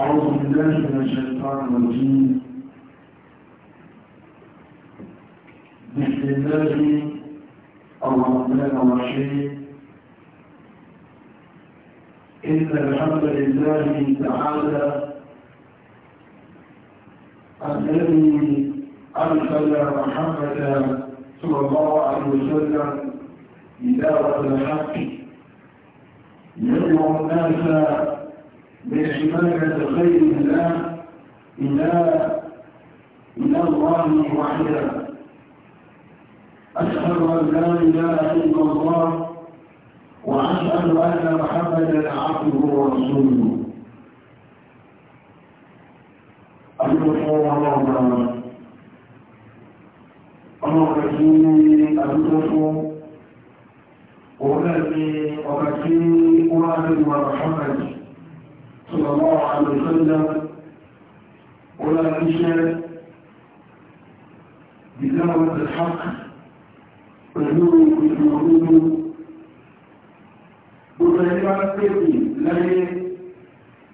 أعوذ بالله من الشيطان الرجيم بسم الله الرحمن الرحيم إن الحمد لله تعالى الذي أرسل محمد صلى الله عليه وسلم إدارة الحق يدعو الناس بالعبادة الخير الله إلى إلى الله وحده أشهد أن لا إله إلا الله وأشهد أن محمدا عبده ورسوله أدعو الله ọlọ́run tí àdúgbò صلى الله عليه وسلم ولا تشاء بدعوة الحق فنور في موجود وفيما تبي لي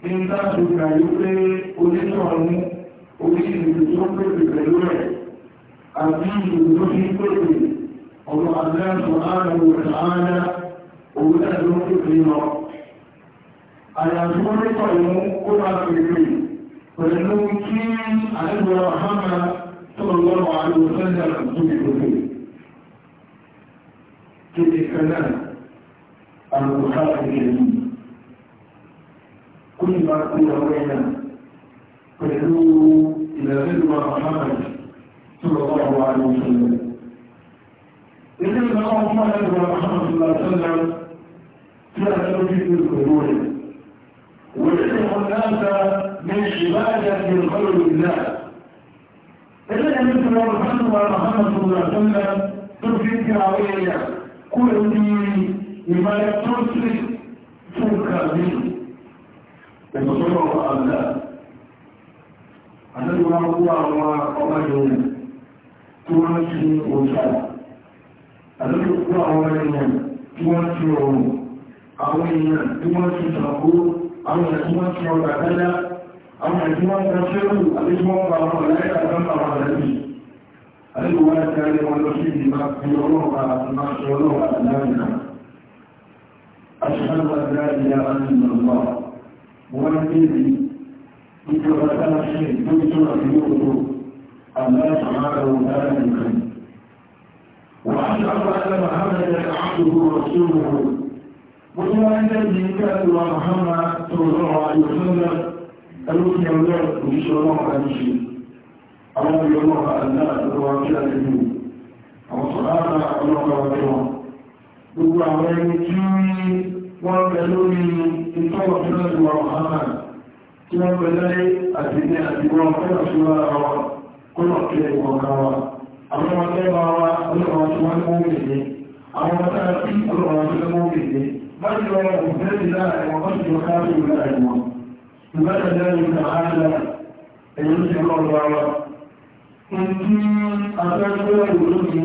إن تاسك يبلي ونشعر وليس أن تشوفه بالبلوية أبيه يدوشي الله سبحانه وتعالى ولا يمكن àyàtúkọ́ nípa ìmú ó bá pèlè pẹ̀lú kí àìbò àhámà tọ́lọ́wọ́ àìbò sẹ́lẹ̀ tó ìgbòkè kéde kanáà àìbò sáàkiri kú ìbá kú ọwọ́ ẹ̀nà pẹ̀lú ìlẹ̀lẹ́lúwà àhámà tọ́lọ́wọ́ àìbò sẹ́lẹ̀ ilé ìgbà ọmọ àìbò àhámà tọ́lọ́wọ́ àìbò sẹ́lẹ̀ tí a tọ́jú ìgbòkè ويدعو الناس من عبادة قول لله إذا مثل محمد محمد صلى الله عليه وسلم تفيد كراوية كل بما يتصل فوق منه وتصور أن لا أنه هو رجل تمشي وسعى أنه هو رجل تمشي عوية تمشي تقول àwọn ìjọba tí wọ́n gbà dájá àwọn ìjọba tí wọ́n ṣẹ́rù àdéjọ́ wọn bá wọn láyé àdámà wọn lẹ́bí àdéjọ́ wọn ti ayé wọn lọ sí ìdìbà bí ọlọ́run àti máa ṣe ọlọ́run àti láàrín أشهد أن لا إله إلا الله وأنني بجرة شيء بجرة يوضو الله سبحانه وتعالى الكريم وأشهد أن محمدا عبده ورسوله wọ́n wá ń a lè mú àwọn sọ̀rọ̀ ọlọ́wọ́ ọjọ́ gbogbo àwọn ẹni tí wọ́n bẹ lórí ìtọ́wọ̀ kẹ́lùwà mọ̀hánmà tí wọ́n bẹ lẹ́yẹ àtìní àtìwọ́n fẹ́ràn sí wọn àwọn kọ́lọ̀ kí ẹ̀kọ́ kan wa àwọn ọmọdé wa wá مجد عباد الله ومجد خالق الله وبعد ذلك تعالى أن الله إني أتذكر الرسل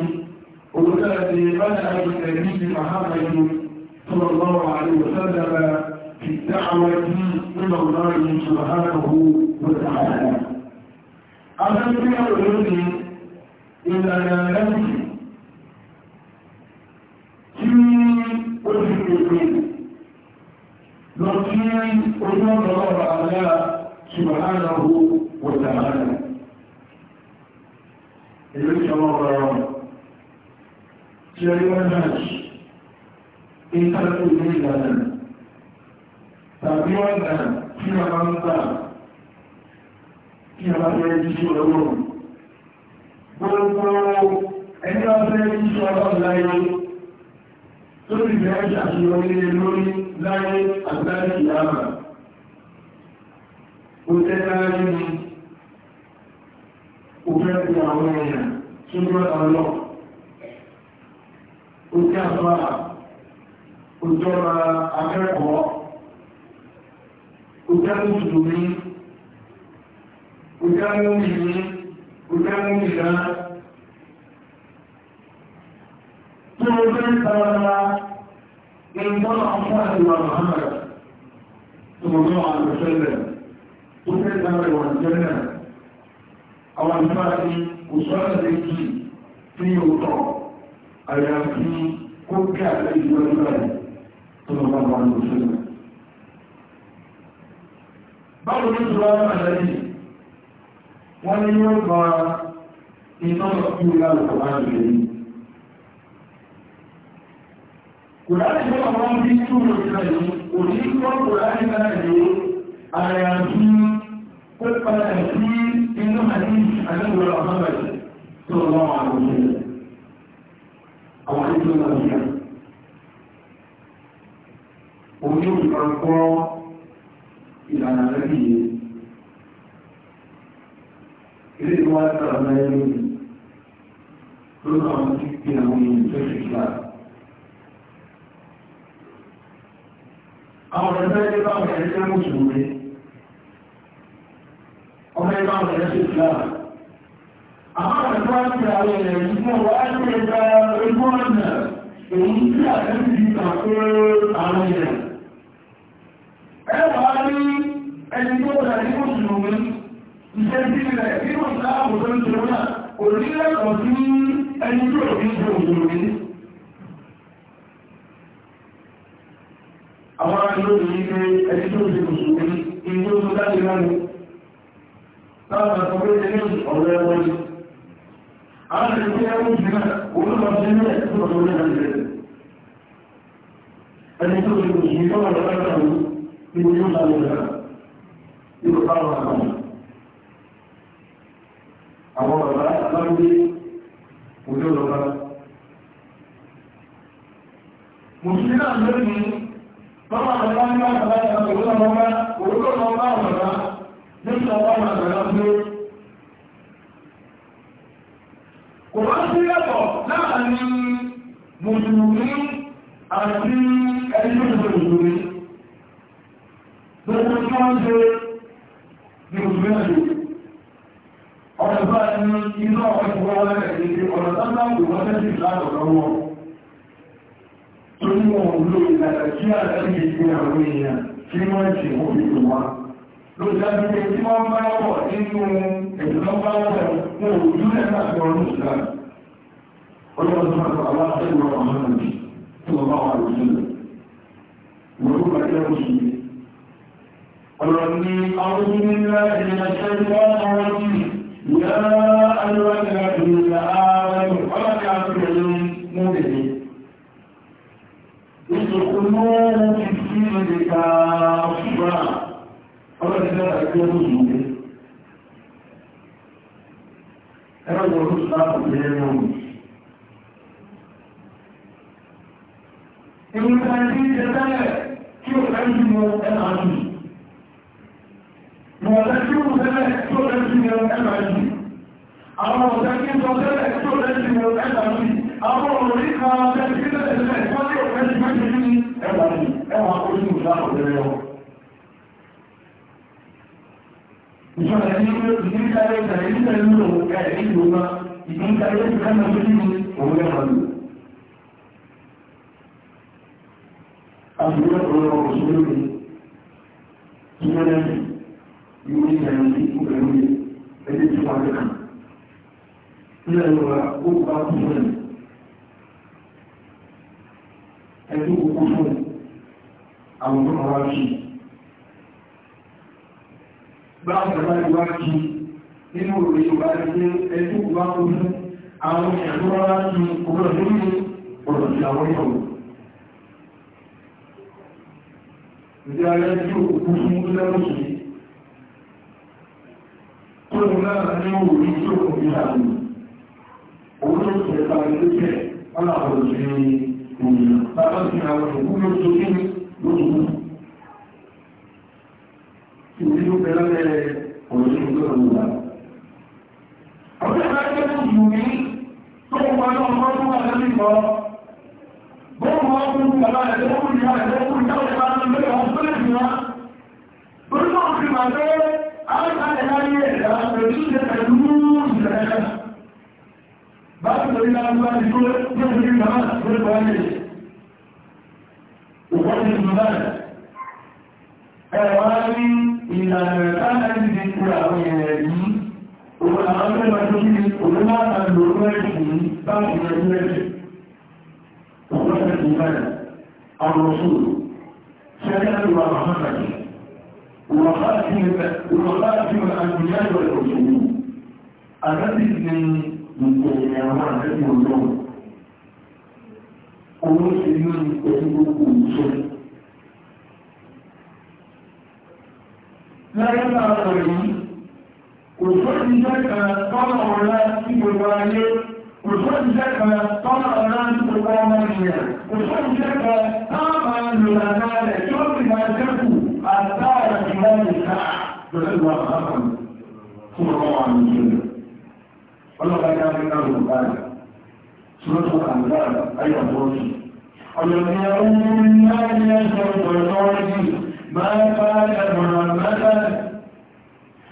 وتأتي منهج النبي محمد صلى الله عليه وسلم في الدعوة إلى الله سبحانه وتعالى أتذكر الرسل إذا لا نفسي ó ti pèsè lọ sí ojú ọ̀dọ̀ ọ̀rọ̀ àlá subhanahu wa ta'ala èyí tí wọ́n rọrọ̀ tí ó rí wọ́n náà ìtàkù ní ìlànà gbogbo ẹni ọ̀fẹ́ jíṣẹ́ láyé lórí ìgbẹ́ ẹ̀ṣẹ́ àṣeyọrí lórí láyé àgbáyé ìyáàmà ó tẹ́ láyé ní òfẹ́ ti àwọn èèyàn tó ní ọ̀tà lọ ó tẹ́ àfáà ó jọra akẹ́kọ̀ọ́ ó tẹ́ mùsùlùmí ó tẹ́ mùsùlùmí ó tẹ́ mùsùlùmí tó o bẹ́ sára ìtọ́nà ọ̀pọ̀ àtiwà Muhammad tó o náà àlùfẹ́lẹ̀ tó fẹ́ sára ìwà jẹ́lẹ̀ àwọn ìfáàdì òṣùwàlẹ̀ lẹ́kì tí ó tọ̀ àyàfi kó kí àlẹ́ ìwà ìwà tó o bá wà lọ́sẹ̀lẹ̀. Báwo ní ìtura àlẹ́ wọ́n ní yóò gba iná ìlú ìlànà àjẹ́ yìí. Kùránì tó àwọn bí túnmù ìrìnàjò kò ní kọ́ Kùránì náà ní àyàjú kó padà sí inú àdíjì àdíjì àmọ́bàjì tó wọ́n àwọn òṣèlú. Àwọn àdíjì náà ní à. Òun yóò fi máa kọ́ ìlànà lẹ́bí yìí. Ilé ìwọ́n á sára náà yẹn lórí. Lórí àwọn tí kí àwọn èèyàn fẹ́ fi ṣe láti. àwọn ọ̀rẹ́sẹ́ ilé bá wọ̀n ẹ̀rẹ́ jẹ́ mùsùlùmí ọmọ ẹgbà wọ̀n ẹ̀rẹ́ sí islam àwọn ọ̀rẹ́sẹ́ wọ́n ti àwọn ẹ̀rẹ́ ìgbọ́n wọ́n ti ẹgbà ẹgbọ́n ọ̀nà èyí tí àtẹ́sí ti tàkó àwọn ẹ̀rẹ́ ẹwà ní àwọn aṣílóòdì yìí pé ẹni tó ṣe mùsùlùmí ilé ó tó jáde lẹ́nu láwọn ẹ̀kọ́ pé ṣe ọ̀rọ̀ ẹ̀wọ̀ yìí àwọn ẹ̀kọ́ pé ẹwọ́ jù náà olúmọ̀ sí ní ẹ̀kọ́ tó lé nàìjíríà ẹni tó ṣe mùsùlùmí tó wà lọ́wọ́ ẹ̀kọ́ ìwé yóò jáde lẹ́nu yóò táwọn àkàmù àwọn bàbá aláwọ̀dé òjò lọ́wọ́ mùsùlùmí náà lónìí Mama àtàlámí máa tàbá ìyá òwúrọ̀ ọmọ òwúrọ̀ ọmọ ọ̀nà nípa ọmọ àgbàlá pé. Kò wá sí ẹ̀kọ́ láàárín Mùsùlùmí àti ẹni tó Mùsùlùmí. Gbogbo tí wọ́n ṣe ní Mùsùlùmí àjò. Ọ̀rọ̀ bá ní iná ọ̀pọ̀ ìwọ̀n rẹ̀ ní ọ̀rọ̀ tán láwùjọ wọ́n tẹ́sí láàrọ̀ lọ́wọ́ tó ní wọn ló ìlànà tí a lẹ́yìn ìgbé àwọn èèyàn tí wọ́n ti mú ìlú wa ló dájú pé tí wọ́n bá wọ̀ nínú ẹ̀dùn bá wọ̀ wọn ò dúlẹ̀ láti ọdún ìgbà ọlọ́run tó máa tọ́ aláṣẹ́gun ọmọ náà nì tí wọ́n bá wà lójú rẹ̀ wọ́n tó bá jẹ́ oṣù yìí ọlọ́run ní àwọn onílẹ̀ ìrìnà ṣẹ́gun ọmọ wọn yìí yá alúwàjẹ́ àti ìrìnà ààrẹ ọlọ́run القرآن في السجن كافة أولا لا أجل مجموعة أنا أقول لك اليوم إن كان في جدال ẹ̀rí ìlú wọn ìdí ìta ilé ti kánà tó nínú òun ẹ̀rọ lò. Àbúrò ọ̀rọ̀ òṣèlú mi, ìyẹ́rẹ́ mi, ìwé ìyẹ̀rẹ́ sí ìpẹ̀lú mi, ẹni tí wọ́n kẹ́kàn. Ilé Àwọn ọmọ wa kì í. Báwo ni wọ́n òwe yorùbá ti ṣe ẹjú wá kúrú àwọn ẹ̀rọ wá ti ọ̀rọ̀ lórí ọ̀rọ̀ sí àwọn ìyàwó. Ìjẹ́ ayé tí ó kú fún lẹ́rù sí. Tóun náà ní òwe tí ó kún ìyàwó. ti àwọn ìkú ló kí lóṣù. Ìwé ọjọ́ ìgbàgbé mùsùlùmí tó ń wọ́n lọ́wọ́ ọmọ tó wà lórí lọ bóòmù ọkùn bàbá ẹ̀dẹ́ ó kùn ìyá ẹ̀dẹ́ ó kùn ìyá ẹ̀dẹ́ bá ń lórí ọmọ tó lè fi wá òun àwọn mẹ́rin tó kí òun máa ta lò rẹ́ẹ̀kì ní báńkì rẹ̀ rẹ́ẹ̀kì òun rẹ̀ kì í bẹ̀rẹ̀ àwọn ọ̀ṣun ṣẹ́yẹ́ lọ́wọ́ àwọn mẹ́rin وخاتم الأنبياء والرسول الذي من مكينها الذي يوم ومسلم يجب وصول لا يمنع الغريب kò sóòtú iṣẹ́ kan tọ́lọ̀ ọ̀la sí gbogbo ayé kò sóòtú iṣẹ́ kan tọ́lọ̀ ọ̀la sí gbogbo ọmọ ìyẹn kò sóòtú iṣẹ́ kan táwọn lòlànà rẹ̀ tí ó sì máa ṣẹ́kù àtàrà ìwà ìta pẹ̀lú ìwà àkàkùn fún ọmọ àwọn ìṣẹ̀lẹ̀ ọlọ́pàá yá ní náà lò báyìí sọ́tọ̀ àgbára ayọ̀bọ̀ọ̀sì ọlọ́pàá ọmọ ìrìnlẹ́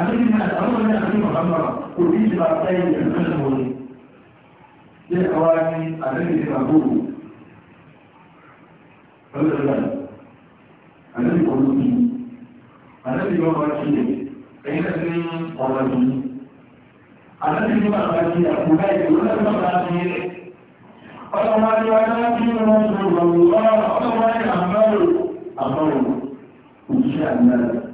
àtẹ́bí náà àwọn ọmọdé àti mọ̀kànlá kò ní ti bá táyé ìrìnlẹ́sìn wọlé jẹ́ àwa ní àtẹ́bí ti bá gbòòrò ọlọ́dọ̀dọ̀ àtẹ́bí kò ló bí àtẹ́bí bá wá sí ẹ̀yìn náà ní ọ̀rọ̀ bí àtẹ́bí ní bàbá sí àpò láì tó lọ́dọ̀ bàbá sí rẹ̀ ọlọ́wọ́ ni wọ́n náà kí wọ́n sọ̀rọ̀ ọlọ́wọ́ ni àmọ́ òṣìṣẹ́ àgbàlẹ̀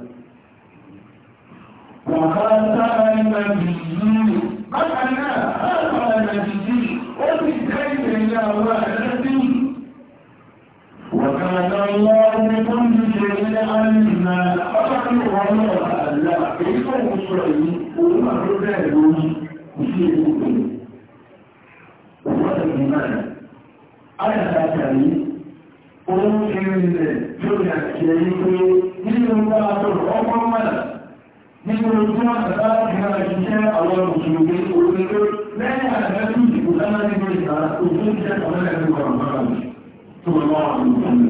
Oúnjẹ ilẹ̀ lórí àti ẹ̀yí pé nínú bá àtọ̀rọ̀ ọmọ mọ́lá nínú ojú àgbà ìgbà ìṣẹ́ àwọn òṣèlú orílẹ̀-èdè lẹ́yìn àgbẹ́kù ìdìbò lánàájúgbò ìgbà òṣèlú ìṣẹ́ àwọn ẹgbẹ̀rún àwọn ọmọ tó lọ́wọ́ àwọn òṣèlú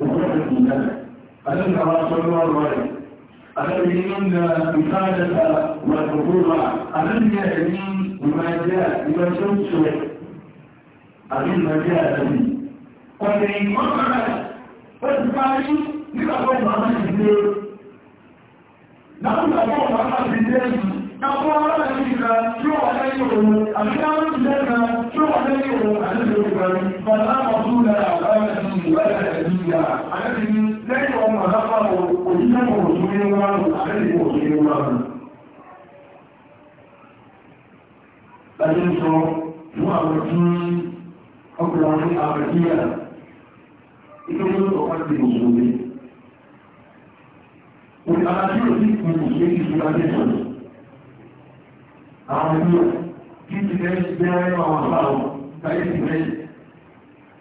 وقفت الناس ألم ترى صلى الله عليه الذي إن الإفادة والبطولة ألم يأتي بما جاء بما شمسه ألم ما جاء به وإن وقعت فاسمعي لما قلت عن الإسلام láàrín àwọn ọmọ aláàbí lẹ́yìn àwọn aláàbí kan tí ó wà lẹ́yìn òun àti àwọn ìlẹ́gbẹ̀ẹ́ tí ó wà lẹ́yìn òun àti ìlẹ́gbẹ̀ẹ́ bàbá ọdún lára àbáyé ti ìwà ẹ̀ẹ́dìyà àti lẹ́yìn ọmọ aláàbí òṣìṣẹ́ òṣìṣẹ́ òṣìṣẹ́ òṣìṣẹ́ òṣìṣẹ́ láti ń sọ fún àwọn tí ọkùnrin àwọn àbẹ̀díyà ìtọ́jú ọ̀pá ti mùsùlùmí ìpàdà tí ó sì kú ṣe ti fi wáyé sọ̀rọ̀ àwọn ẹgbẹ́ tí ti fẹ́ bẹ́ẹ̀ àwọn àbáwọ̀ láyé ti fẹ́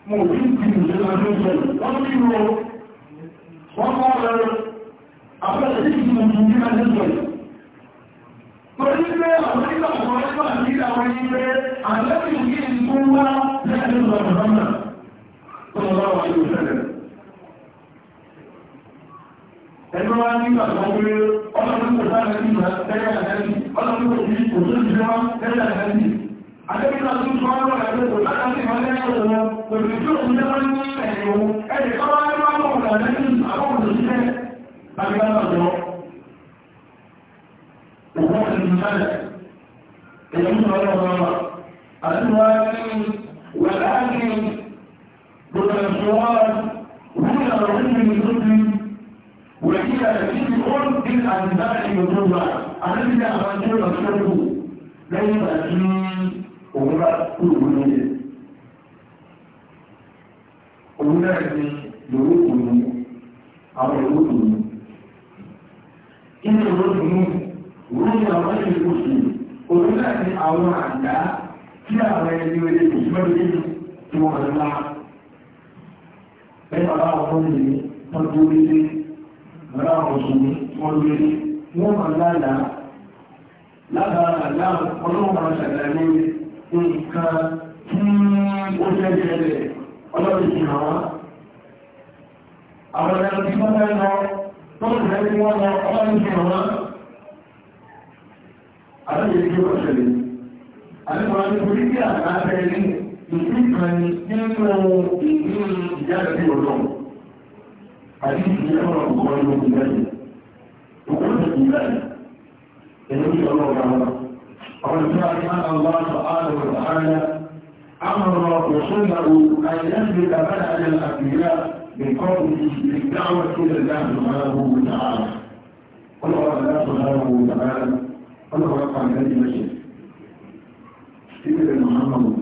mo tí ti mú ṣe láti sọ̀rọ̀ wọ́n ti rọ wọ́n kọ́ lẹ́rọ àpẹẹrẹ tí ti mú ṣe ní láti sọ̀rọ̀ Torí pé àwọn nígbà àwọn ẹgbẹ́ àti àwọn ẹgbẹ́ àlẹ́bìnrin tó wá lẹ́yìn lọ́dọ̀ náà tó lọ́wọ́ ayé òṣèlè. ẹni wá nígbà tó wé ọlọ́run kò sáré sí ìgbà tẹ́lẹ̀ àtẹ́lẹ̀ ọlọ́run kò sí kò sí ìjọba tẹ́lẹ̀ àtẹ́lẹ̀ àtẹ́bíkà tó tó wá lọ́wọ́ ẹgbẹ́ tó láti máa lẹ́yìn ọ̀rọ̀ pẹ̀lú tí ó ń jẹ́ ní ẹ̀yìn ohun ẹ̀yìn tó wá lọ́wọ́ àwọn ọ̀rọ̀ àtẹ́lẹ̀ àwọn òṣìṣẹ́ àgbàlá ọ̀dọ́ òkú ọ̀sìn sálẹ̀ èyí tó lọ́wọ́ ọ̀rọ̀ àti wá ní wẹ̀láàkì gbogbo ẹ̀ṣọ́ wá wúlò àwọn òṣìṣẹ́ ويحيل لكثير من أنباء يطوبة الذي أخرجه رسوله ليس فيه أمرا كله أمرا يروحني أو يروحني إن يروحني رؤيا غير المسلم أمرا أو عندها في أغاني ولكن ثم الله بين الله وقوله تنظر إليه ọ̀rá ọ̀ṣùnmí wọ́n lórí wọ́n mọ̀ lálàá lábàá láàrín ọlọ́pàá ṣàlàyé nǹkan tí ó jẹ́jẹ́ rẹ̀ ọlọ́rin ti hàn wá. àwọn ẹ̀rọ tí wọ́n fẹ́ lọ tó ń rẹ̀ tí wọ́n lọ ọlọ́rin ti hàn wá. àlọ́yẹ̀ tí ó ṣẹlẹ̀ àlẹ́kọ̀ọ́ àti polisi àti abẹ́rẹ́ ìsìnkànnì nínú ìdí ìjáde bí ọlọ́run حديث يقرأ البخاري ومن ذلك وقلت من ذلك النبي صلى الله عليه وسلم قال أن الله سبحانه وتعالى أمر رسوله أن يسلك منهج الأنبياء بقوله بالدعوة إلى الله سبحانه وتعالى قال الله سبحانه وتعالى قال وقع الذي مشي سيدنا محمد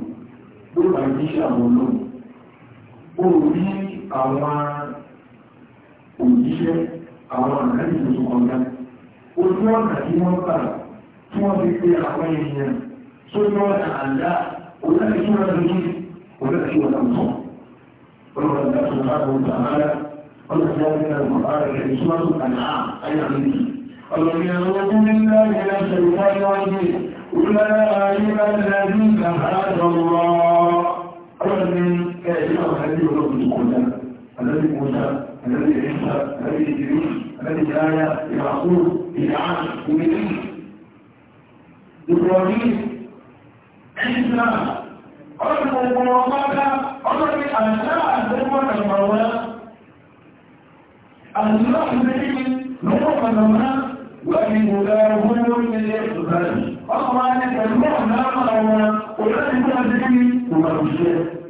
قل أن تشاء الله قل لي òjíṣẹ́ àwọn àgbáyé tuntun ọ̀gá ojú ọ̀nà tí wọ́n gbà tí wọ́n fi pé àwọn èèyàn tó ní ọ̀nà àdá olóòtúwọ̀n lójú olóòtúwọ̀n lọ́tọ̀ ọlọ́run dá tó bá wọn tààrà ọlọ́run dá tó bá wọn tààrà ìṣúwájú àná àyà méjì ọlọ́run yẹn wọ́n tún ní láàyè láti ìwá níwájú olóòtúwọ̀n lọ́jú ìgbàgbà ọlọ́run ní ẹ̀ẹ́dẹ́gbẹ̀rún ọ̀gá الذي يشهد الذي يجري الذي لا يعصوه بدعاء ومنين إبراهيم عيسى أرض المواقعة أرض الأنساء الزمن المولى الله بهم نور النماء وإن لا هم من الإقبال أطلع أنك المعنى الأولى ولكن هذه هو الشيء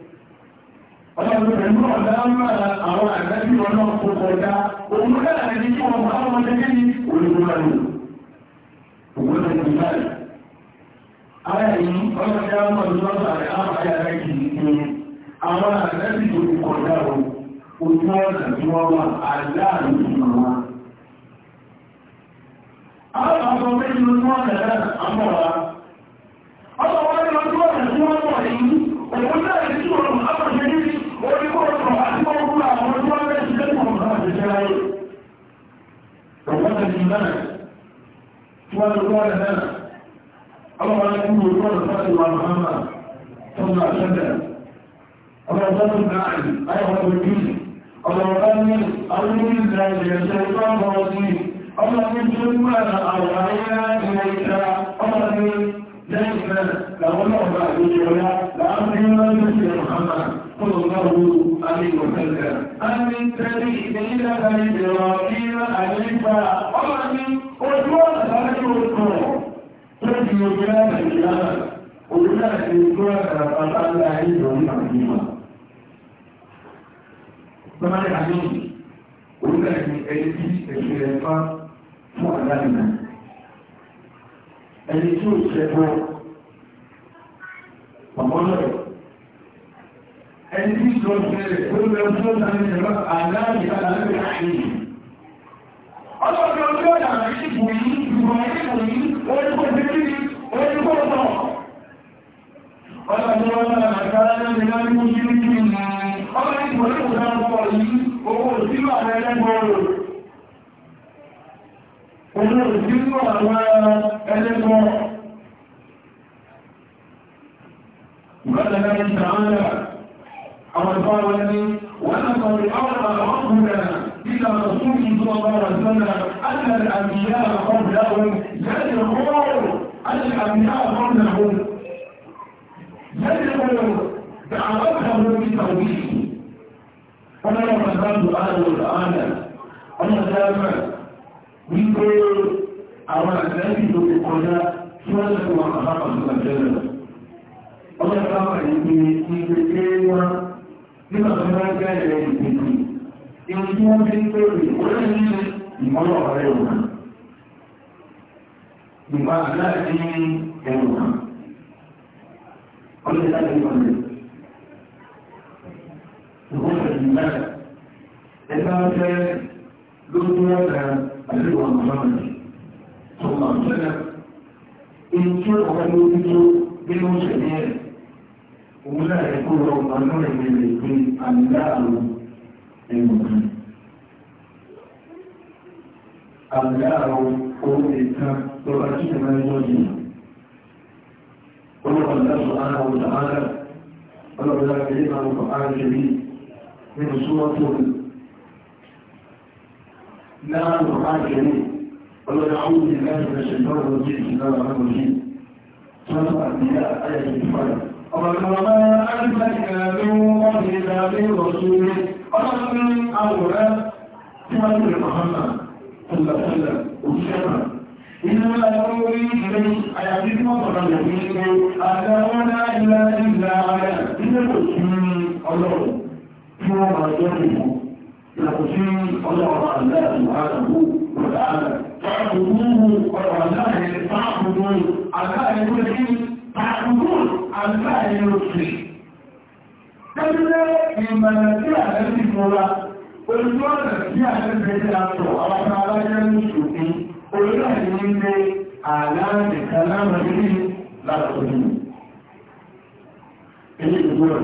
ọlọ́run pẹ̀lú ọ̀dá máa àwọn àgbẹ́bí ọlọ́run kò kọjá òun náà ní kí wọ́n tó kọjá o ojú ọ̀nà tí wọ́n wà aláàrùn ìmọ̀ wa àwọn àwọn méjì lójú ọ̀nà náà ojú ọ̀nà tí wọ́n wọ̀ náà tí wọ́n lọ́wọ́ rẹ̀ náà ọlọ́wọ́ rẹ̀ kúrò lọ́rọ̀ fásitì wà mọ́hánmà tó ń lọ àṣẹ́bẹ̀ ọlọ́wọ́ tó ń náà ayọ̀wọ́ tó jù ọlọ́wọ́ bá ní àwọn ìrìnlẹ̀ ìrìnlẹ̀ ìjọba ọmọ sí ọlọ́wọ́ tó ń gbà àwọn ayé ilẹ̀ ìta ọlọ́wọ́ lẹ́yìn náà làwọn náà bá àgbéjọ ya láàrín lọ́jọ́ sí mọ́hánmà صلى الله عليه وسلم أمن سبيل إلى إبراهيم أليفا أمن أجوان رجلكم تجي بلاد الإيمان وبلاد الإسلام فقال لا يجوز عظيما Bọ́lá ìhàní orílẹ̀ èdè ẹni tí èṣù rẹ̀ fá fún àdáìmọ̀. Ẹni tí ó ṣẹ́gbọ́, ọmọ náà ẹni tí sọ bẹ̀rẹ̀ tó lọ tó náà ìjọba àdáàrí aláàrí àìyí. ọlọ́pẹ́ ojú ọ̀dà ìṣìkò yìí ìgbọ̀n ìṣìkò yìí orúkọ bíbí orúkọ ọ̀tọ̀. ọlọ́pẹ́ ọlọ́pẹ́ àkàrà náà ní láti mú sílé kí ní ọmọ ìgbọ̀n ìgbọ̀n ọkọ̀ yìí owó òsínú àwọn ẹlẹ́gbọ̀ọ́rọ̀ owó òsínú àwọn ẹlẹ́gbọ̀ọ́rọ̀ Wọ́n tẹ́lẹ̀ ń tàn án náà أول قال الذي ولقد أوحى ربنا إلى رسوله صلى الله عليه وسلم أن الأنبياء قبلهم يدعون الأنبياء قبلهم يدعون دعوتهم بالتوحيد ولا أنا دائما يقول àwọn àtẹ́lẹ́bì tó ti kọjá tí wọ́n lẹ́kọ̀ọ́ àpapọ̀ sí àjẹ́lẹ̀. ọjọ́ ìpápá yìí pé nígbà tó bá bẹ̀rẹ̀ ìgbèjì ìwọ̀n tí wọ́n fi ń pè rí orí ní ìmọ́lọ̀ ọ̀rẹ́ òun ìgbà láti ẹnu kan ọdún láti ọdún ìgbọ́n ìgbà ẹgbẹ́ ọ̀fẹ́ lójú ọ̀rẹ́ àríwá mọ́lọ́rẹ́ tó máa ń sẹ́lẹ̀ èyí tí ọ̀rẹ́ lójú tó bí ó ń sẹ̀lẹ̀ òun náà yẹ kó lọ ọjọ́ ìwé lè pe àmìláàrùn ẹ̀wọ̀n àmìláàrùn òun nìkan tó bá kí ẹ̀mọ́ ẹjọ́ yìí olóòwò lọ́sọ̀ ara òun àárẹ̀ olóòwò lọ́sọ̀ ilé àwọn ọkọ̀ ara ṣe rí nínú súnmọ́ tó rí láàrùn ara ṣe rí olóòwò àwọn ìlànà ìrẹsẹ̀ lọ́rọ̀ lójú ìṣẹ̀lẹ̀ àwọn ọmọ yìí sọ́nà àbíyá ayẹyẹ ìfọ̀rọ̀ وما أنفسنا من قبلك من رسول قبل من أولى سوى محمد صلى الله عليه وسلم إنما يروي إليه أيعجز مطر النبي أدعونا إلا إلا على إلا الرسول الله سوى ما يجبه لقسيم الله على سبحانه وتعالى تعبدوه وعلى تعبدوه على كل شيء àkùnkùn àgbáyé òkè tẹ́lẹ̀ ìmọ̀lẹ̀ tí àlẹ́ ti fọ́ra ojú ọ̀nà tí àlẹ́ bẹ̀rẹ̀ àtọ̀ àwọn alájẹ́ lóṣùkú orílẹ̀-èdè ilé àlàáàdì kanáà rí látọ̀dù ilé ìgbòrò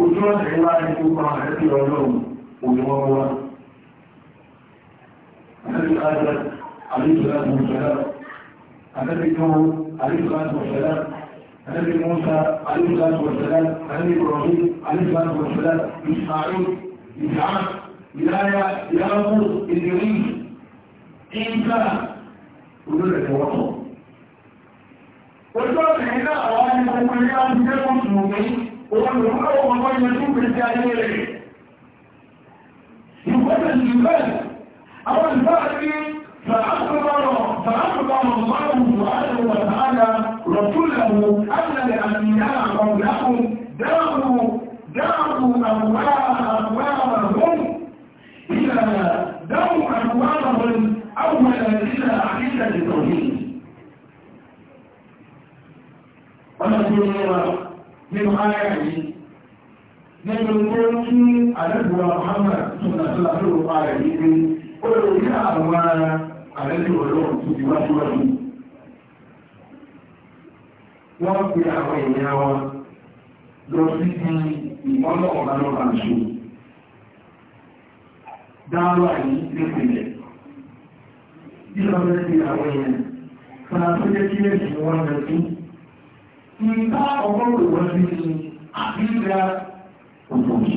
ojú ọ̀nà ìwà ìgbòkọ̀ àti ọlọ́run òjòwọ́wọ́ النبي نوح عليه الصلاة والسلام النبي موسى عليه الصلاة والسلام النبي إبراهيم عليه الصلاة والسلام إسماعيل إسحاق إلايا يعقوب إدريس عيسى ولولا توقف Ojú ọ̀sẹ̀ iná àwọn ẹni gbogbo ilé ọdún jẹ́ mùsùlùmí, òun ló ń lọ́wọ́ ọmọ ilẹ̀ tó gbé sí ayé rẹ̀. Ìgbọ́dọ̀ ìgbẹ́ àwọn ìgbà rí فأخبر الله سبحانه وتعالى رسوله أن لأنبياء قولهم دعوا دعوا أموالهم إلى دعوا أموالهم أولا إلى عقيدة التوحيد ونقول من آياته من tó ń محمد àlẹ́bùwà Muhammad sọ̀nà sọ̀rọ̀ àlẹ́bùwà rẹ̀ yìí àlejò ọlọ́run tó ti wájú wájú. Wọ́n pe àwọn ènìyàn wọn lọ sí di ìmọ́nà ọ̀bánọ́bà ṣù. Dáwà yìí lépìlẹ̀. Bí wọ́n fẹ́ pe àwọn èèyàn, fara tó jẹ́ kí ẹ̀sìn wọn lọ sí. Ìta ọgọ́rùn-ún wọn sí ni àbí ìgbà òṣòṣì.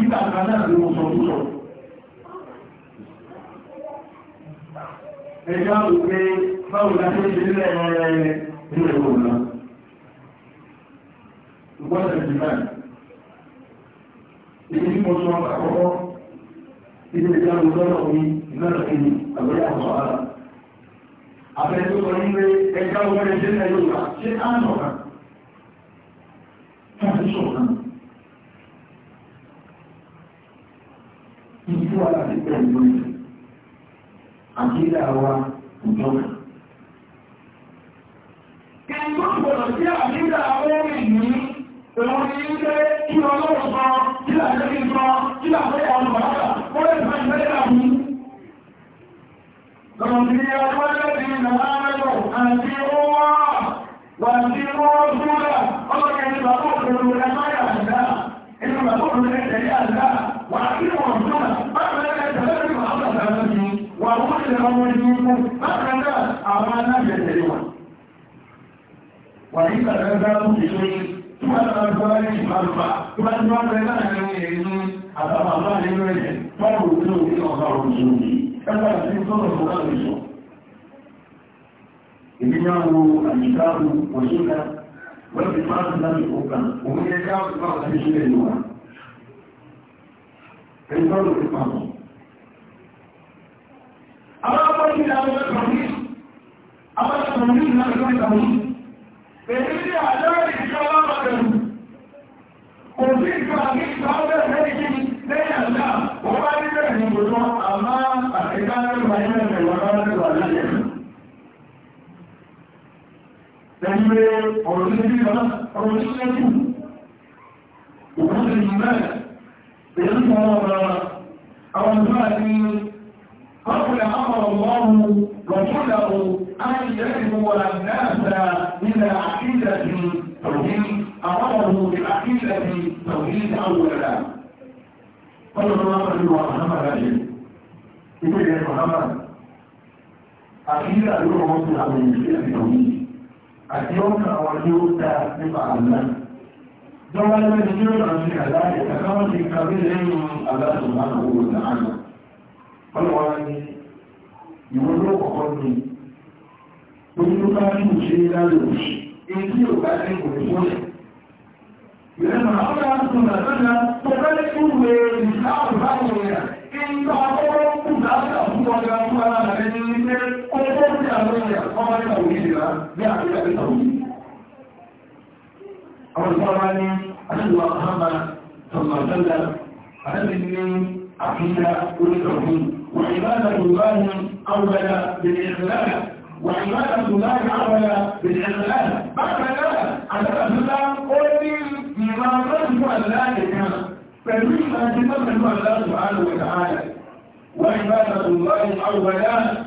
àkídà kan na ló ẹjọ́ rò pé báwo la ṣe nílẹ̀ ẹ̀rẹ́ ní ẹ̀rọ ọ̀la ìgbọ́sẹ̀ ti náà èyí tí mo àkọ́kọ́ àkídà wa ìjọba. Kẹ̀kọ́ ìgbọ̀nà sí ń gbé kí ọlọ́run sọ, kí làjẹ́ yà àdá, inú bàbá òkèrè ẹ̀yà àdá, wà sí owó ọmọ ní ikú bákan náà àwọn alájẹ̀tẹ̀lẹ̀ wà wà ní ìgbàgbẹ́gbẹ́ ọmọ ìṣòyìn tí wọ́n lọ gbọ́ ẹ̀yìn ìbárùbá tí wọ́n lọ gbọ́ láàrin èyí àtàwọn àbá nínú ẹ̀jẹ̀ wọ́n lò ó ní ọ̀gá òṣèlú ẹgbẹ́ àti ìtọ́nà tó láti sọ èmi náà wo ti máa ń láti ọ̀gá òun yẹ káàbù náà láti ṣílẹ̀ lọ́wọ́ ẹgbẹ́ òṣèlú àwọn akọ́jú ní àwọn ọ̀gbọ̀n àwọn ọ̀gbọ̀n ní ìlànà ìgbọ̀n èyí ní àjọ́rẹ̀ ìjọba ọ̀gbọ̀n kò sí ìjọ àmì ìgbàwọ́ lẹ́yìn lẹ́yìn àjá wọ́n bá ní bẹ̀rẹ̀ ní gbogbo àmá àtìkáàrẹ̀ wáyé mẹ́rin wọ́n bá lẹ́gbàá lẹ́yìn lẹ́gbẹ́ ọ̀rọ̀ sí bí wọ́n ọ̀rọ̀ sí قبل أمر الله رسوله أن يدعو الناس إلى عقيدة توحيد أمره بعقيدة توحيد أولا قال الله عليه وسلم يقول يا محمد عقيدة لهم في عقيدة التوحيد أتيوك أوليوك تبع الله جوالا من يوم أن يكون ذلك كما في قبيل الله سبحانه وتعالى ọlọ́wọ́ ní ìwọ ló kọ̀kọ́ ní ojú bá ní ìṣe lálẹ́ òṣì èyí ò bá ní ìwọ̀n ìwọ̀n ìrẹ́nà ọ̀rọ̀ àtúnà lọ́nà tó bẹ́ẹ̀ tó wé ìsáàbù láwọn èèyàn ìgbà ọkọ̀ kù láti àfúnwọ́ ga fún ara rẹ̀ ní ilé ọjọ́ sí àwọn èèyàn ọmọ ìgbà òyìnbá ní àfíkà ìgbà òyìnbá àwọn ìfọ́nwá ní àṣìwà Muhammad sọ̀rọ̀ sọ́lá àtẹ́bí ní àfíkà orí وعبادة الله أولى بالإخلال وعبادة الله أولى بالإخلال بعد ذلك على الله قولي بما رجو الله كان فلما تمثل الله سبحانه وتعالى وعبادة الله أولى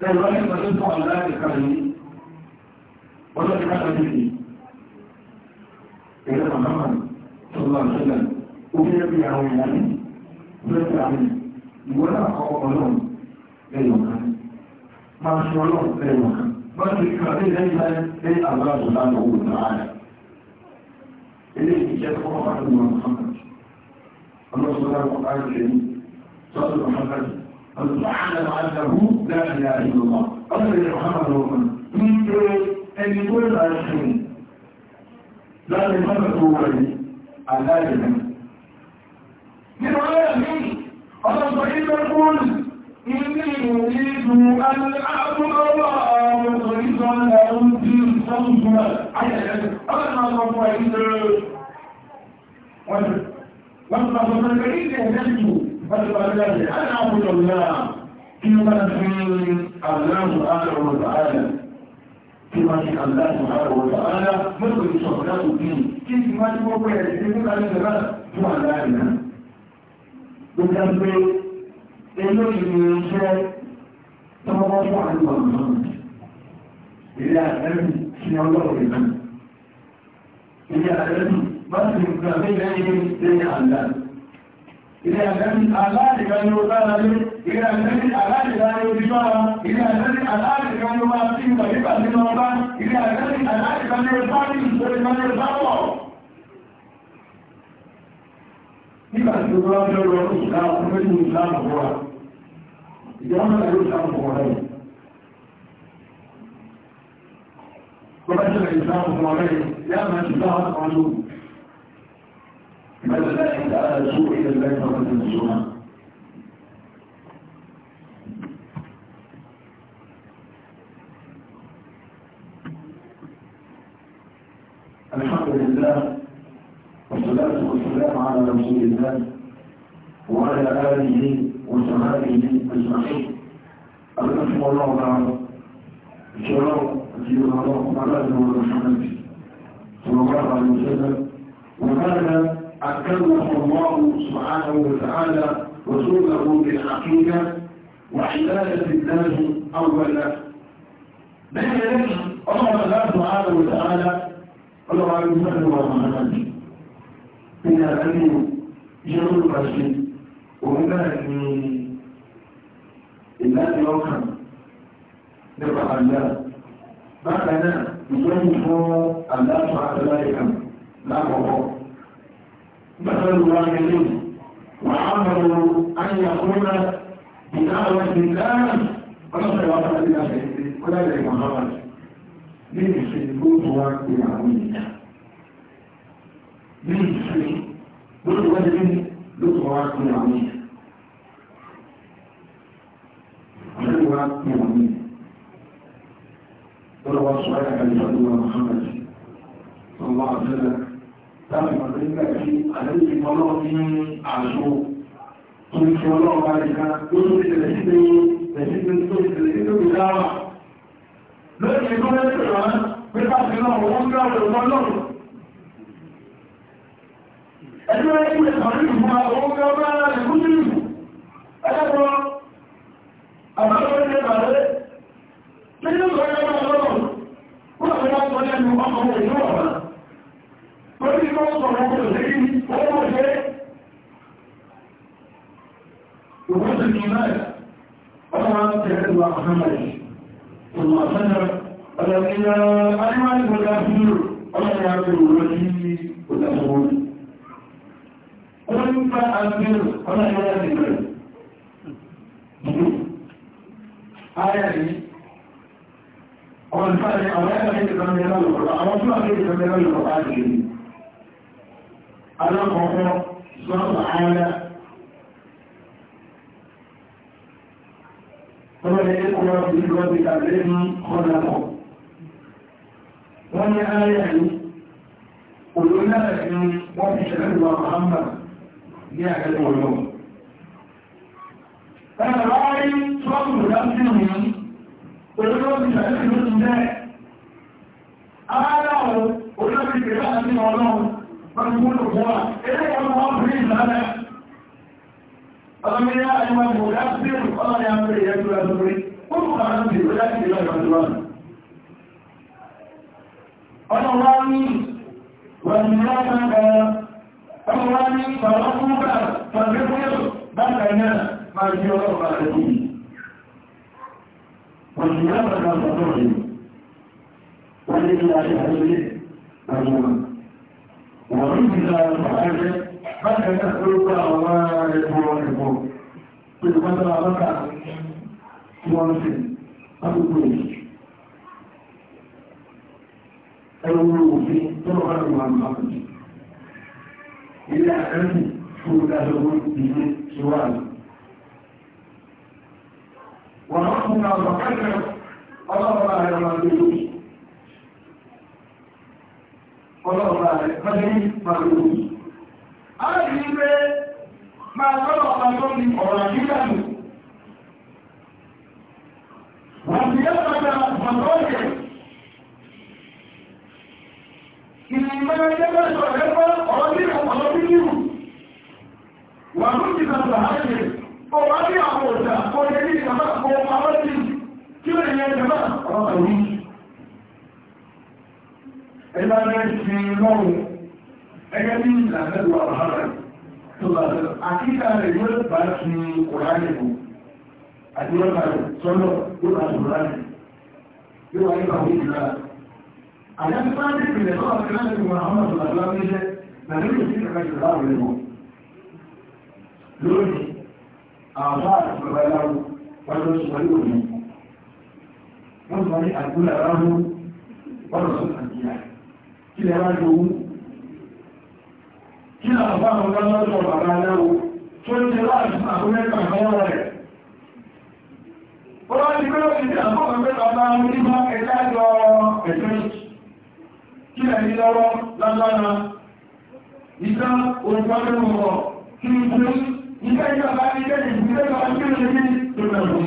فالرحمة رجو الله كان وقد كان به إذا محمد صلى الله عليه وسلم وفي يبيعه يعني ويبيعه ìwọ náà kọ́ ọlọ́run lẹ́yìn ọ̀kan máa ṣe ọlọ́run lẹ́yìn ọ̀kan bá ṣe kàdé lẹ́yìn láyé lẹ́yìn àbúrà tó láti owó ìdára ilé ìṣẹ́ tó kọ́ bá tó wọn kàn ọlọ́run lọ́wọ́ kọ́ bá ṣe ní sọ́dọ̀ Muhammad Al-Fa'ala ma'adahu la ilaha illallah. Ọlọ́run ilẹ̀ Muhammad lọ́wọ́ ní pé ẹni tó ìlà ẹ̀ṣẹ̀ láti mọ́tò tó wọlé àdáyé. Nínú ọlọ́run ọlọ́pọ̀ ilé kún ilé ìrìnlẹ́dù aláàbò ọwọ́ ọmọ ìsọ́lẹ̀ oúnjẹ ìsọ́gbọ̀n ayẹyẹ ọlọ́pọ̀ ilé wọ́n tó bá tó bẹ̀rẹ̀ ilé ẹ̀ẹ́dẹ́gbù wọ́n tó bá bẹ̀rẹ̀ aláàbò ọ̀la kí wọ́n bá fi aláàbò aláàbò aláàbò Kí máa láti ṣẹ̀rá fún náà ló jẹ́ pé inú ìlú iṣẹ́ tọ́wọ́ fún àgbà náà ilé àtẹ́rù sí ọlọ́run náà ilé àtẹ́rù bá sì ń gbà mí lẹ́yìn lẹ́yìn àgbà ilé àtẹ́rù aláàdìgbà ni ó dára lé ilé àtẹ́rù aláàdìgbà ni ó bíbá ilé àtẹ́rù aláàdìgbà ni ó máa sí ìgbà nígbà nínú ọba ilé àtẹ́rù aláàdìgbà ni ó bá ní ìṣòro nígbà tí ó bá fẹ́ lọ sí ìsìláàmù fún mẹ́rin ìsìláàmù fọ́ra ìjọba náà yóò ìsìláàmù fọ́ra yìí bọ́lá sílẹ̀ ìsìláàmù fọ́ra yìí yá máa ti sáà kan ló mẹ́lẹ̀ ìdára sí ilẹ̀ lẹ́yìn ọmọ ìṣúná الحمد لله والصلاة والسلام على رسول الله وعلى آله وصحبه أجمعين أرحم الله تعالى شراب سيد الله على محمد صلى الله عليه وسلم وكان أكرم الله سبحانه وتعالى رسوله بالعقيدة وعبادة الناس أولا بين ذلك الله سبحانه وتعالى الله عليه وسلم ورحمته nínú àtúnyò iṣẹ́ tó bá ṣe òun náà ni ìlànà ọkàn nípa àjá bákan náà ìjọ́jú fún àdáṣọ àtàláìkà lákọ̀ọ́kọ́ bẹ́ẹ̀rù wa gẹ̀lẹ́ wà á mọ̀rọ̀ ayàkúnlá ìdáwọ̀ ìdáwọ̀ ọlọ́pàá wà fún àdínáṣẹ́ ìpínlẹ̀ Muhammad ní ìṣẹ́ من الشيء كل واحد له طبعات من عميل له طبعات من عميل ولو صحيح عن الله محمد صلى الله عليه وسلم تعلم أن في أهل مرض عاشور ثم في الله عليك يصل إلى الهدى الهدى يصل إلى الهدى بالدعوة لكن يقول لك بقى في الله وقال الله ẹgbẹ́ ìpínlẹ̀ tàbí ìfún àwọn ọmọ ọmọ ẹgbẹ́ ìlú ẹgbẹ́ àbáwọ̀ ẹgbẹ́ bàrẹ́ nínú ọ̀rẹ́ ọmọ ọlọ́run wọ́n àwọn ọmọ ẹgbẹ́ ọmọ ọmọ ìlú ọ̀rọ̀ lórí ọmọ ọmọ ìlú ọmọ ìṣẹ́ ìwọ́n ti ní náà ọmọ tẹ̀lé ọmọ sẹ́nà ọmọ ìyá ìgbọ̀dá nípa àgbẹ̀rù ọ̀nà na ti bẹ̀rẹ̀. Ayà yìí, ọmọ ìfàdé àwọn ẹ̀kọ́ ní ìfẹ́ àwọn na àgbẹ̀ ìfẹ́ mẹ́rẹ̀ lọ́wọ́ bá ti rí. Alákọ̀ọ́kọ́ sọ́ọ̀tọ̀ ààrẹ Ọmọ ilé kọlọ na ọdún ìgbàlẹ́ ní ọ̀nà kan. Wọ́n ní ayé ẹ̀yìn, òun náà ni wọ́n na ṣẹ̀lẹ̀ lọ Muhammad ní àkẹ́kọ̀ọ́ ọlọ́run. Ẹ̀rọ wá rí tọ́ọ̀kù tó dáhùn sí òun yìí, olóró ti ṣàlẹ́ ìlú ti bẹ́ẹ̀. Alára ọ̀rọ̀ olóró ti kèrè àti ọlọ́run, wọ́n ti wúlò fún wa, eré ọmọ wọn fi ìlànà. Ọlọ́run yá àyíwá mọ̀ láti bí ọlọ́run yá ń bẹ̀rẹ̀ yẹ́ tó lọ́dún rí, ó kù kàrà ń bẹ̀rẹ̀ láti ìlànà ìlànà. Ọlọ́run wá ọmọ wa ní pàwọn fún bá pàdé fún yóò bákan náà máa yí ọlọ́pàá rẹ̀ bí wọ̀nyí lábàá náà sọ́tọ̀ rẹ̀ wọ́n ní kí a ṣe àṣírí àwọn wọ̀nyí ìgbìlá ọ̀pàá bákan náà orúkọ àwọn ẹ̀kọ́ ẹ̀kọ́ pẹ̀lú pátá àbákà tí wọ́n fi àkókò èyí ẹ̀rọ òfin tó lọ́wọ́ àwọn àmàkùnrin ilé àkáǹtì fún ìdájọ́gbó ìlú ṣíwájú. Wọ́n á fún àwọn ọ̀pẹ́kẹ́ ọlọ́ọ̀bá rẹ̀ máa lè lórí. Ọlọ́ọ̀bá rẹ̀ máa lè máa lórí. A lè rí pé máa lọ́wọ́ máa ìrìnmọ́ ẹgbẹ́ mẹ́sọ̀ ẹgbẹ́ ọdún ọdún nírù wà ló ti sàtọ̀ ààrẹ ó wá ní àwọn òṣà kó lé ní ìjọba kó pamọ́ sí kí ó yẹ ìjọba ọ̀rọ̀ yìí ìlànà ìṣẹ́ lọ́rùn ẹgbẹ́ ní ìlànà ìwà ọ̀hárẹ̀ tó bá tẹ̀lẹ̀ àkíkà rẹ̀ yóò bá ti kùránì kù àti yóò bá sọ́nà yóò bá sọ̀rọ̀ yóò wá nípa òun ìlànà àyẹ́sí bá dé ìpìlẹ̀ lọ́wọ́ sí láti wọ àwọn ọ̀sán àti láti jẹ́ nàìjíríà sí ìrìnàjò ìjọba rẹ̀ mọ̀ lórí àwọn àti bàbá ìlàwó wájọ́ sí wáyé òní wọ́n sọ ní àdúrà ráhú wọ́n sọ àdíyà kí lè rájọ owó kí lè àwọn àwọn ọ̀gá lọ́jọ́ bàbá ìlàwó tó ń jẹ láti àkúrẹ́kà lọ́wọ́ rẹ̀ ó wá ti gbé lórí àwọn ọ̀gá bàbá ní bá ẹ̀dá jọ ẹ̀tọ́ kí ẹ̀mí lọ́wọ́ lágbára ìgbà olùpàdánù kí n kú ìgbà ìgbà bá ní jẹ́ ìgbìyànjú ìgbà ìgbà ìgbà ìgbà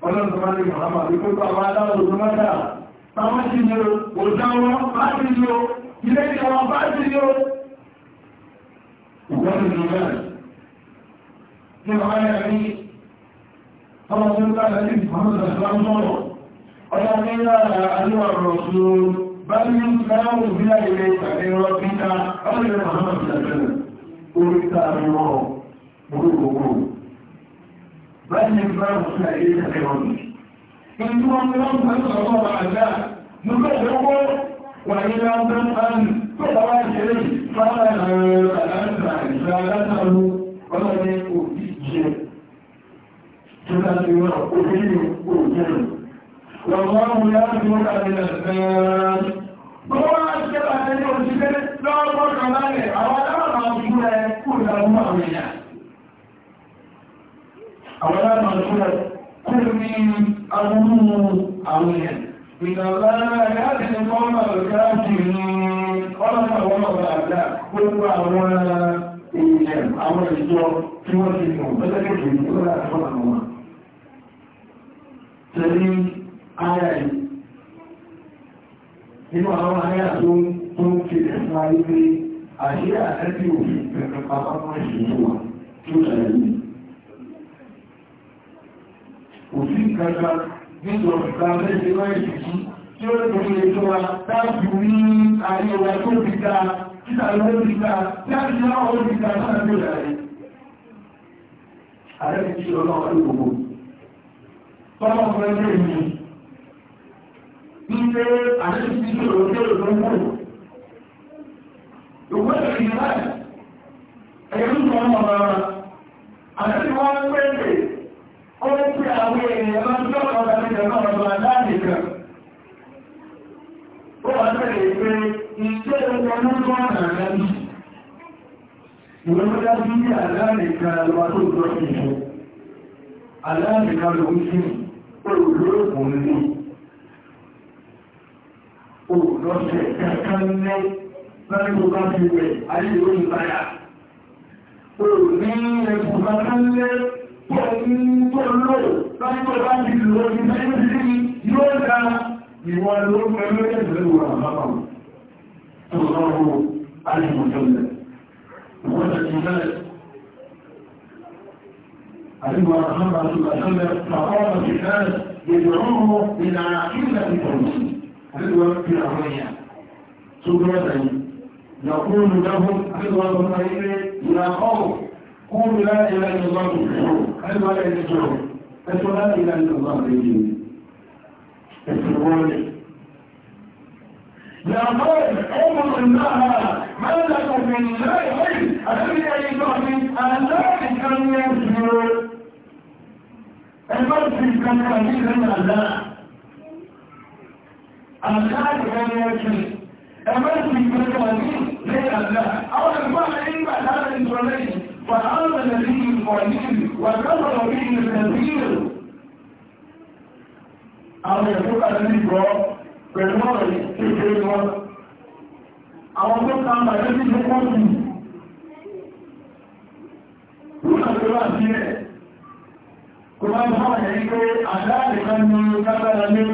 tó máa ní Mọ̀hámà wípé bá wá dáwọn òṣùn táwọn sí ni òjáwọ́ bá sí ni ó, ilé ìjọwọ́ bá sí Ní ọmọ ayẹ́ rí, ọmọ ọlọ́mọ́lá àríwá rọ̀ṣù bá ní láàrù bí àìlẹ̀ ìtàlẹ́rọ pítà ọlọ́rẹ̀ mọ̀hánà ìtàlẹ́rẹ̀ oríta àríwọ̀ gbogbogbò bá ní láàrù sí àìlẹ̀ ìtàlẹ́rọ Ọlọ́run ni òbí jẹ, tó láti والله لا يدرك من الاسباب هو اشكال هذه الوسيله لا يقول كماله او لا معقوله كل مؤمن او لا معقوله كل من امنوا امنا من الله يأتي القوم الكافرين قال هو الله gbogbo àwọn èèyàn àwọn ìjọ tí wọ́n ti mọ̀ lọ́lẹ́gbẹ̀ẹ́ ìjọba àwọn àwọn tẹ̀lé ara ẹ̀ nínú àwọn ayá tó ń fi ẹ̀sùn ayé pé àṣírí àtẹ́tí òfin pẹ̀lú pàpá mọ́ ìṣòro wà tó ṣàlẹ̀ òfin kankan nítorí ọ̀pá mẹ́sẹ̀ máa ìṣìṣí tí ó lẹ́kọ̀ọ́ ilé tó wa táàbù ní ayé wa tó fi ta títà lọ́wọ́ fi ta láti láwọn ó fi ta láàrín ìlàrí ààrẹ ti ṣe ọlọ́wọ́ lóògbò tọ́lọ́ fún ẹgbẹ́ ìlú ilé àdébísí òkèèrè tó wù. Ìwé ìrìn láì, ẹ̀rù kan mọ̀ rárá, àti wọ́n ń pèsè, ó ń pè àwọn èèyàn máa ń jọ́ ọ̀dà nígbà náà lọ́dọ̀ aláàbì kan. Ó wà tẹ̀lé pé iṣẹ́ ìwọ̀n ló wà nàá ní. Ìwé ló dá sí aláàbì kan lọ́wọ́ tó gbọ́ ìṣẹ́. Aláàbì kan ló ń sìn, olùdó òkùnrin olùdọ́sẹ̀ kankan ní lọ́nà tó bá fi wẹ̀ ayélujú ìbáyà. O ní ẹ̀kùn kankan lé pọ̀ ní tó lò lọ́nà tó bá fi lò ní sẹ́yìn sí yóò dá ìwọ̀n ló pẹ̀lú ẹ̀sẹ̀ wà bàbá wọn. Tó lọ́wọ́ ayélujú ìbáyà. Wọ́n ti ti bẹ́ẹ̀. Àdìgbò àwọn ọmọ àti ìgbàsọ́lẹ̀, àwọn ọmọ ìgbàsọ́lẹ̀ yẹ̀dùn ọmọ ìlànà ìlànà ìtọ̀lùsí àríwá fi àwọn èèyàn tó gbọ́nà tàyí yàkúrù lọ́hùn àríwá tó máa yí pé ìlà ọ̀hún kúrù láti ilẹ̀ ìjọba tó fún àríwá ẹni jọ ẹ̀tọ́ láti ilẹ̀ ìjọba tó yí ẹ̀sìn wọlé يقول أمر الله ما لكم من الله علم أخذ أيضاً ألاك كان يسير المرسل كان قليلا الله àkáàdì ẹni ẹ̀kì ẹ̀mẹ́sì ìgbẹ́jọ́ ní lẹ́yìn àdá àwọn ẹ̀gbọ́n nígbà láti ìjọ lẹ́yìn wà áwọn ẹ̀lẹ́sì ìfọ̀nìyàn wà lọ́wọ́ bí ìrìnlẹ̀síyàn àwọn ẹ̀kọ́ kàtàlì gbọ́ pẹ̀lú ọ̀rọ̀ ìkéde wọn àwọn tó ká bàjẹ́ sí ló pọ̀ jù Rúkàtọ́lá sí ẹ̀, kò bá ń fọ́ ẹ̀yí pé àdáàdì kan ní kágbára ní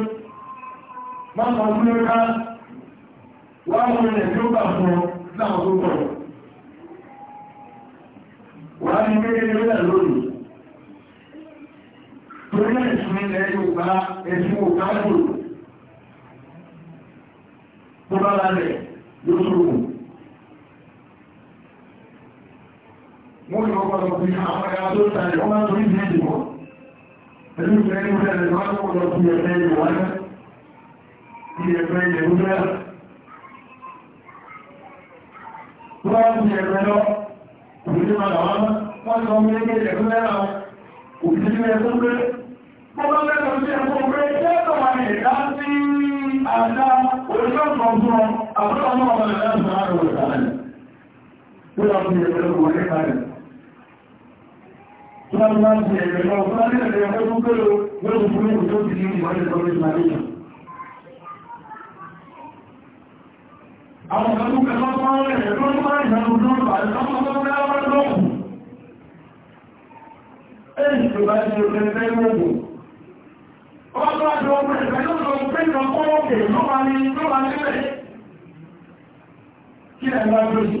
máa mọ̀ ní ká wá wọn ilẹ̀ tí ó bà fún náà tó bọ̀. Wà á ní kékeré rẹ̀ lónìí. Torí ẹ̀sùn ilẹ̀ Yorùbá ẹ̀sùn òkàdù tó bá lálẹ̀ yóò sọ̀rọ̀. Mo ní ọgbọ̀dọ̀ fi àwọn ẹ̀yà tó tàlẹ̀ ọmọ tó ní ìdí ìdìbò. Pẹ̀lú ti ti ẹ̀fẹ́ lọ òfin ma lọ wọ́n lọ mú ẹgbẹ́ ilẹ̀ múlẹ̀ náà òfin ma ẹ̀fẹ́ pé gbogbo mẹ́ta sí ẹ̀fẹ́ pé tẹ́tọ̀ wà ní ẹ̀dá sí àdá orílẹ̀-èdè fún àbúrò ọmọ ọmọ ẹ̀dá sí àárọ̀ ìsàlẹ̀ tó bá ti ẹ̀fẹ́ àwọn kan tó kẹta tó máa rẹ̀ tó tó máa ìrìnà ojú ọ̀pá ìtọ́kọ́ tó kẹta wọ́n lọ́kù èyí tó bá ti rẹ̀ fẹ́ lọ́gbọ̀n ọba tó àjọ ọmọ ẹ̀fẹ́ tó lọ pé ìrànkọ́ òkè ló máa ní ló máa nílẹ̀ kí ẹ̀ bá tó yìí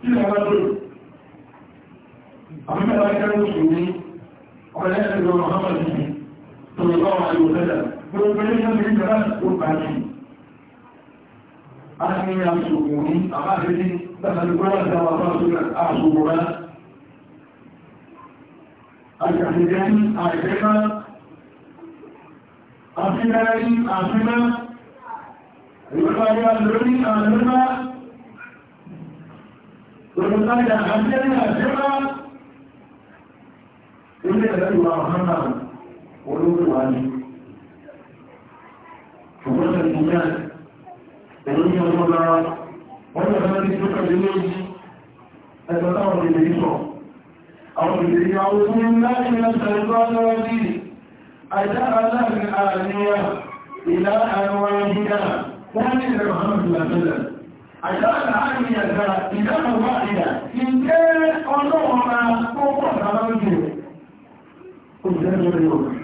kí ẹ̀ bá tó yìí àwọn mẹ́ta kẹrù sùn ní ọ̀rẹ́ ẹ̀rọ Muhammadu tó lọ́wọ́ àyò tẹ́lẹ̀ gbogbo ẹ̀yẹ́ ní ìjọba ìgbà yìí أخي يمسكوني أخافي تفلقوا ثواباتنا أعصبنا الكثيرين أعجبنا أخيرين أعصبنا يقال يأمرني أمرنا ويقال يأمرني أعصبنا إلا الله محمد ولوط العليم فقلت المجال òun ní ọjọ́ lára wọ́n tẹ̀lé láti tó kàlẹ̀ méjì ẹgbẹ́ táwọn èdè yìí sọ àwọn èdè yìí àwọn ohun láti lọ́sẹ̀ ẹgbẹ́ ọlọ́wọ́ sí àjá aláàrin àníyà ìlà àwọn ahìyà wọ́n ní ìrẹ̀ Muhammadu lásẹ̀lẹ̀ àjá aláàrin àjá ìdá àwọn àìyà ìjẹ́ ọlọ́wọ́ máa tó pọ̀ sára lójú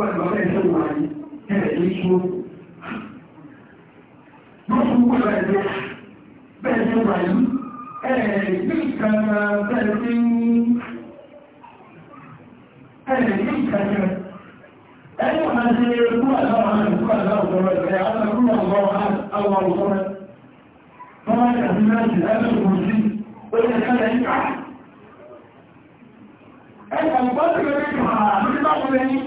pẹ̀lú ọ̀rẹ́ tó wà ní ẹ̀rẹ̀ ìṣó. Wọ́n fún pẹ̀lú ẹ̀dẹ́ bẹ́ẹ̀ tó wà ní ẹ̀rẹ̀ ìkànnà bẹ́ẹ̀ tí ẹ̀rẹ̀ ìkànnà ẹ̀rẹ̀ wọ́n ti kú àláwọ̀ àrùn kú àláwọ̀ sọ̀rọ̀ ẹ̀rẹ̀ àwọn ọmọ àwọn àwọn sọ̀rọ̀. Wọ́n wá ní àti láti ẹ̀rẹ̀ ìkùnsí ó yẹ kálẹ̀ ìkà. Ẹ̀rẹ̀ ìkànnà bá ti rẹ̀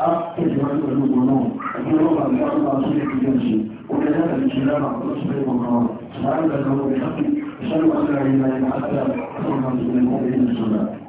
أتجعل قلوبنا قلوبا لأرضى صدق جنسي وكذلك الإسلام نصبر الله سعادة له بحقه أشهد أن لا إله إلا أنت أستغفرك من المؤمنين الصلاة